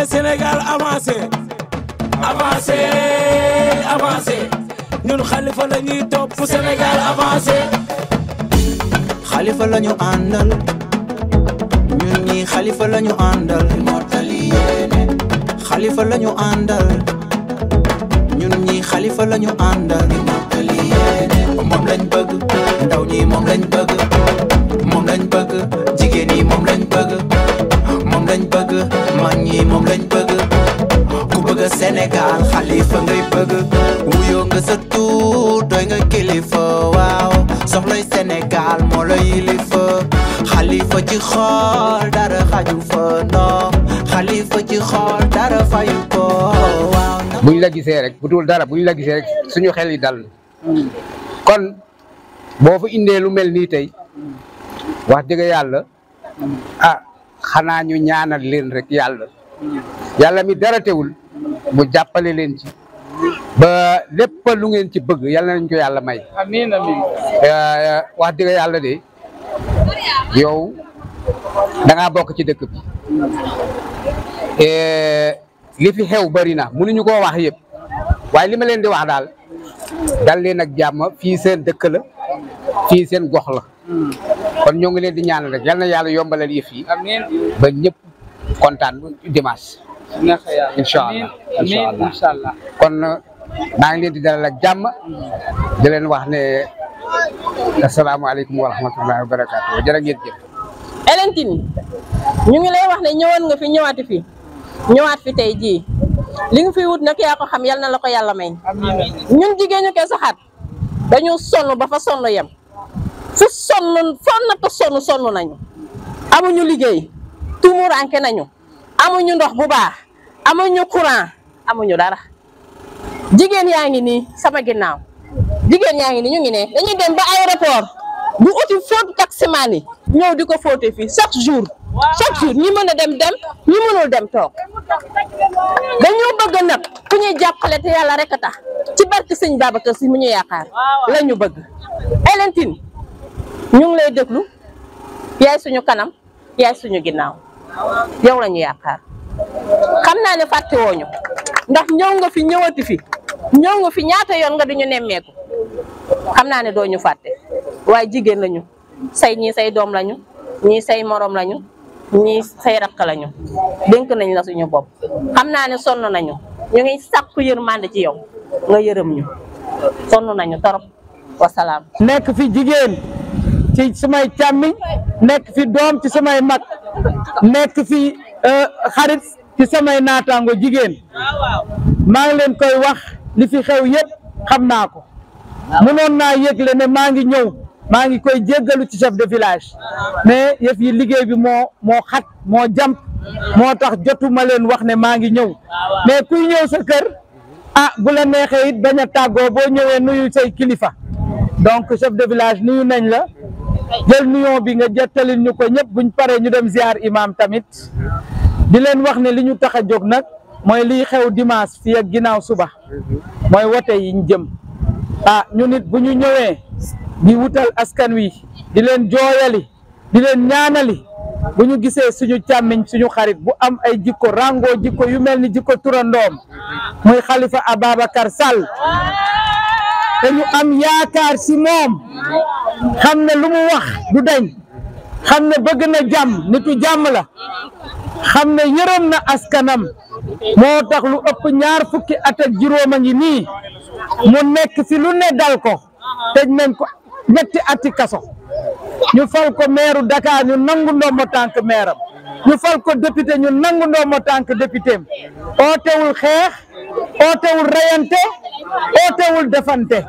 ne Sénégal avancé avancé avancé xalifa la ñuy topp Sénégal avancé xalifa la ñu àndal ñun ñi xalifa la ñu àndal mottali yéene la ñu àndal ñun ñi xalifa la ñu àndal mottali yéene moom lañ bëgg ndaw ñi moom lañ bëgg moom lañ bëgg jigéen yi moom lañ bëgg moom lañ mag ñi moom lañ bëgg ku bëgg Sénégal xalifa ngay bëgg wuyoo nga sa tuut doy nga kilifa waaw soxlay Sénégal moo la yilifa xalifa ci xool dara xaju fa ndox xalifa ci xool dara fayu ko waaw buñ la rek bu dul dara buñ la gisee rek suñu xel yi dal kon boo fa indee lu mel ni tey wax dëgg yàlla ah xanaa ñu ñaanal leen rek yàlla yàlla mi dara wul mu jàppale leen ci ba lépp lu ngeen ci bëgg yàlla nañ ko yàlla may. amiin amiin eh, wax dëgg yàlla de yow da ngaa bokk ci dëkk bi eh, li fi xew bëri na mënuñu ko wax yëpp waaye lima ma leen di wax daal dal leen ak jàmm fii seen dëkk la fii seen gox la. kon ñoo ngi leen di ñaan rek yal na yàlla yombalal yëf yi. amiin ba ñëpp kontaan dimanche. incha allah incha allah kon uh, maa ngi leen di dalal ak jàmm. leen wax ne asalaamaaleykum wa rahmatullahi wa barakaatu jërë ngeen jëf. Hélène Tine ñu ngi lay wax ne ñëwoon nga fi ñëwaati fi ñëwaat fi tey jii li nga fi wut na yaa ko xam yal na la ko yàlla may. ñun jigéen ñu kee saxaat dañu sonn ba fa sonn yem. su sonn sonn te sonn sonn nañu amuñu liggéey tumuranke nañu amuñu ndox bu baax amuñu courant amuñu dara jigéen yaa ngi nii sama ginnaaw jigéen yaa ngi nii ñu ngi ne dañuy dem ba aéroport bu uti fóot taximaan yi ñëw di ko fóote fii chaque jour ñi mën a dem dem ñi mënul dem toog dañoo bëgg nag ku ñuy jàppale te yàlla rek a tax ci barke sëñ Babacar Si mu ñu yaakaar la bëgg Hélène ñu ngi lay déglu yaay suñu kanam yaay suñu ginnaaw yow la ñu yaakaar xam naa ne fàtte wooñu ndax ñëw nga fi ñëwati fi ñëw nga fi ñaata yoon nga duñu nemmeeku xam naa ne doo ñu fàtte waaye jigéen lañu say ñii say doom lañu ñii say moroom lañu ñii say rakk lañu dénk nañ la suñu bopp xam naa ne sonn nañu ñu ngi sàkku yërmande ci yow nga yërëm ñu sonn nañu torop wasalaam nekk fi jigéen ci samay càmmiñ nekk fi doom ci samay mag nekk fi euh, xarit ci samay naataango jigéen maa ngi leen koy wax li fi xew yëpp xam naa ko mënoon naa yëgle ne maa ngi ñëw maa ngi koy jéggalu ci chef de village mais yëf yi liggéey bi moo moo xat moo jàmp moo tax jotuma leen wax ne maa ngi ñëw mais kuy ñëw sa kër ah bu la neexee it bañ a tàggoo boo ñëwee nuyu say kilifa donc chef de village nuyu nañ la jël nuyoo bi nga jottali ñu ko ñëpp ñu paree ñu dem ziar imam tamit di leen wax ne li ñu tax a jóg nag mooy liy xew dimanche fii ak ginnaaw suba mooy wote yi ñu jëm a ah, ñu nit bu ñu ñëwee di wutal askan wi di leen jooyali di leen ñaanali bu ñu gisee suñu càmmiñ suñu xarit bu am ay jikko rango jikko yu mel ni jikko turandoom muy xalifa ababakar Sall te ñu am yaakaar si moom xam ne lu mu wax du dañ xam ne bëgg na jàmm nitu jàmm la xam ne yërëm na askanam moo tax lu ëpp ñaar fukki at ak juróom a ngi nii mu nekk si lu ne dal ko tëj nan ko netti ati kaso ñu fal ko meeru Dakar ñu nangu ndombo tànk meeram ñu fal ko député ñu nangu ndombo tànk députéem ootewul xeex ootewul reyante ootewul defante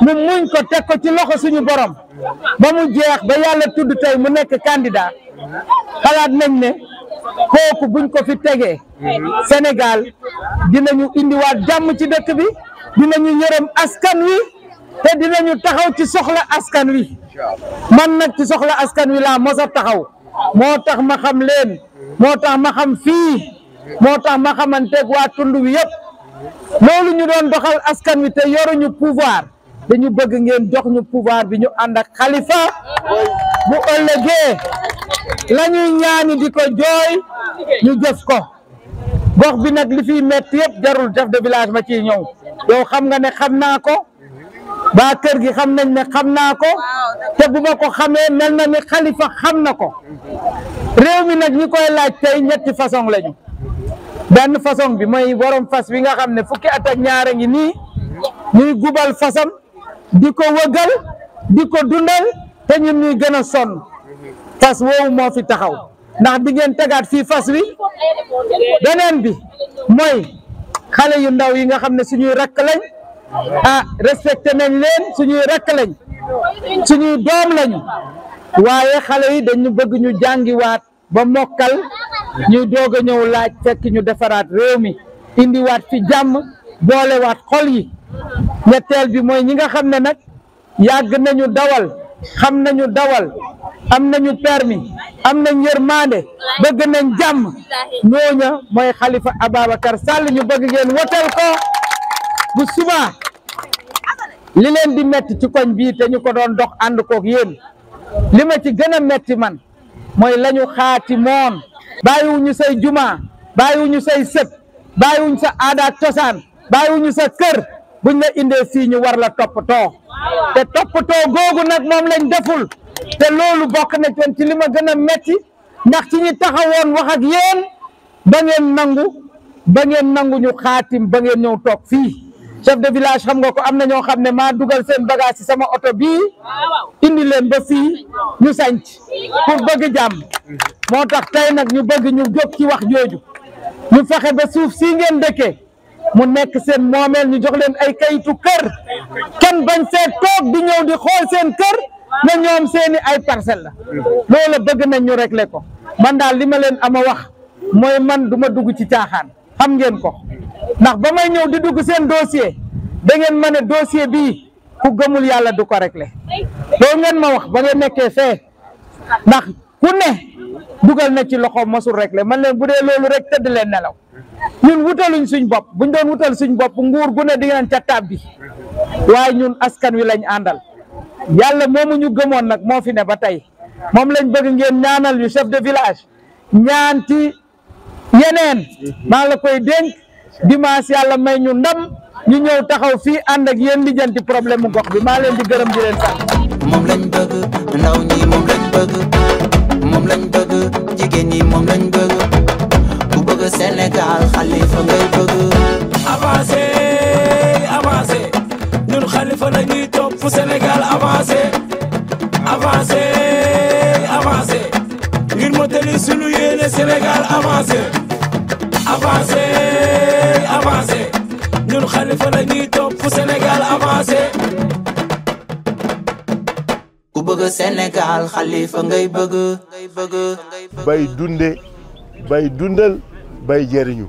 mu muñ ko teg ko ci loxo suñu borom ba mu jeex ba yàlla tudd tey mu nekk candidat xalaat nañ ne kooku buñ ko fi tegee senegal Sénégal dinañu indiwaat jàmm ci dëkk bi dinañu yërëm askan wi te ñu taxaw ci soxla askan wi man nag ci soxla askan wi laa mos a taxaw moo tax ma xam leen moo tax ma xam fii moo tax ma xamanteeg waa tund wi yëpp loolu ñu doon doxal askan wi te yoruñu pouvoir dañu bëgg ngeen jox ñu pouvoir bi ñu ànd ak xalifa bu ëllëgee la ñuy ñaani di ko jooy ñu jëf ko gox bi nag li fiy metti yëpp jarul chef de village ma ciy ñëw yow xam nga ne xam naa ko ba kër gi xam nañ ne xam naa ko te bu ko xamee mel na ni xalifa xam na ko réew mi nag ñi koy laaj tey ñetti façon lañu benn façon bi mooy borom fas wi nga xam ne fukki at ak ñaar ngi nii ñuy gubal fasam di ko wëggal di ko dundal te ñun ñuy gën a sonn fas woowu moo fi taxaw ndax di ngeen tegaat fi fas wi beneen bi mooy xale yu ndaw yi nga xam ne suñuy rakk lañ ah respecté nañ leen suñuy rakk lañ suñuy doom lañ waaye xale yi dañu bëgg ñu jàngiwaat ba mokkal ñuy doog a ñëw laaj fekk ñu defaraat réew mi indiwaat fi jàmm boolewaat xol yi ñetteel bi mooy ñi nga xam ne nag yàgg nañu dawal xam nañu dawal am nañu permis am nañ yërmande bëgg nañ jàmm ñooña mooy Khalifa Ababacar Sall ñu bëgg ngeen wotel ko bu subaa li leen di metti ci koñ bii te ñu ko doon dox ànd kook yéen li ma ci gën a metti man mooy lañu xaati moon bàyyiwuñu say juma bàyyiwuñu say sët bàyyiwuñu sa aada cosaan bàyyiwuñu sa kër buñ la indee fii ñu war la toppatoo te toppatoo googu nag moom lañ deful te loolu bokk na ci li ma gën a metti ndax ci ñi taxawoon wax ak yéen ba ngeen nangu ba ngeen nangu ñu xaatim ba ngeen ñëw toog fii chef de village xam nga ko am na ñoo xam ne maa dugal seen bagage ci sama oto bii indi leen ba fii ñu sanc pour bëgg jàmm moo tax tey nag ñu bëgg ñu jóg ci wax jooju ñu fexe ba suuf si ngeen dëkkee mu nekk seen moomeel ñu jox leen ay kayitu kër kenn bañ seet toog di ñëw di xool seen kër na ñoom seeni ay parcelle la loola bëgg nañ ñu régler ko man daal li ma leen ama wax mooy man du ma dugg ci caaxaan xam ngeen ko ndax ba may ñëw di dugg seen dossier da ngeen ma ne dossier bii ku gëmul yàlla du ko le loolu ngeen ma wax ba ngeen nekkee fee ndax ku ne dugal na ci loxo mosul rek le man leen bu dee loolu rek tëdd leen nelaw ñun wutaluñ suñ bopp buñ doon wutal suñ bopp nguur gu ne di ngeen ca bi waaye ñun askan wi lañ àndal yàlla moomu ñu gëmoon nag moo fi ne ba tey moom lañ bëgg ngeen ñaanal yu chef de village ñaan yeneen maa la koy dénk dimanche yàlla may ñu ndam ñu ñëw taxaw fii ànd ak yéen lijjanti problème mu gox bi maa leen di gërëm di leen sant. lañ bëgg ndaw ñi moom lañ bëgg moom lañ bëgg jigéen ñi moom lañ bëgg ku bëgg Sénégal xalifa ngay bëgg. avancé avancé ñun xalifa la ñuy topp Sénégal avancé avancé avancé ngir motali sunu yéene avancé. daal xalifa ngay bëgg ngay bay dunde bay dundal bay jëriñu.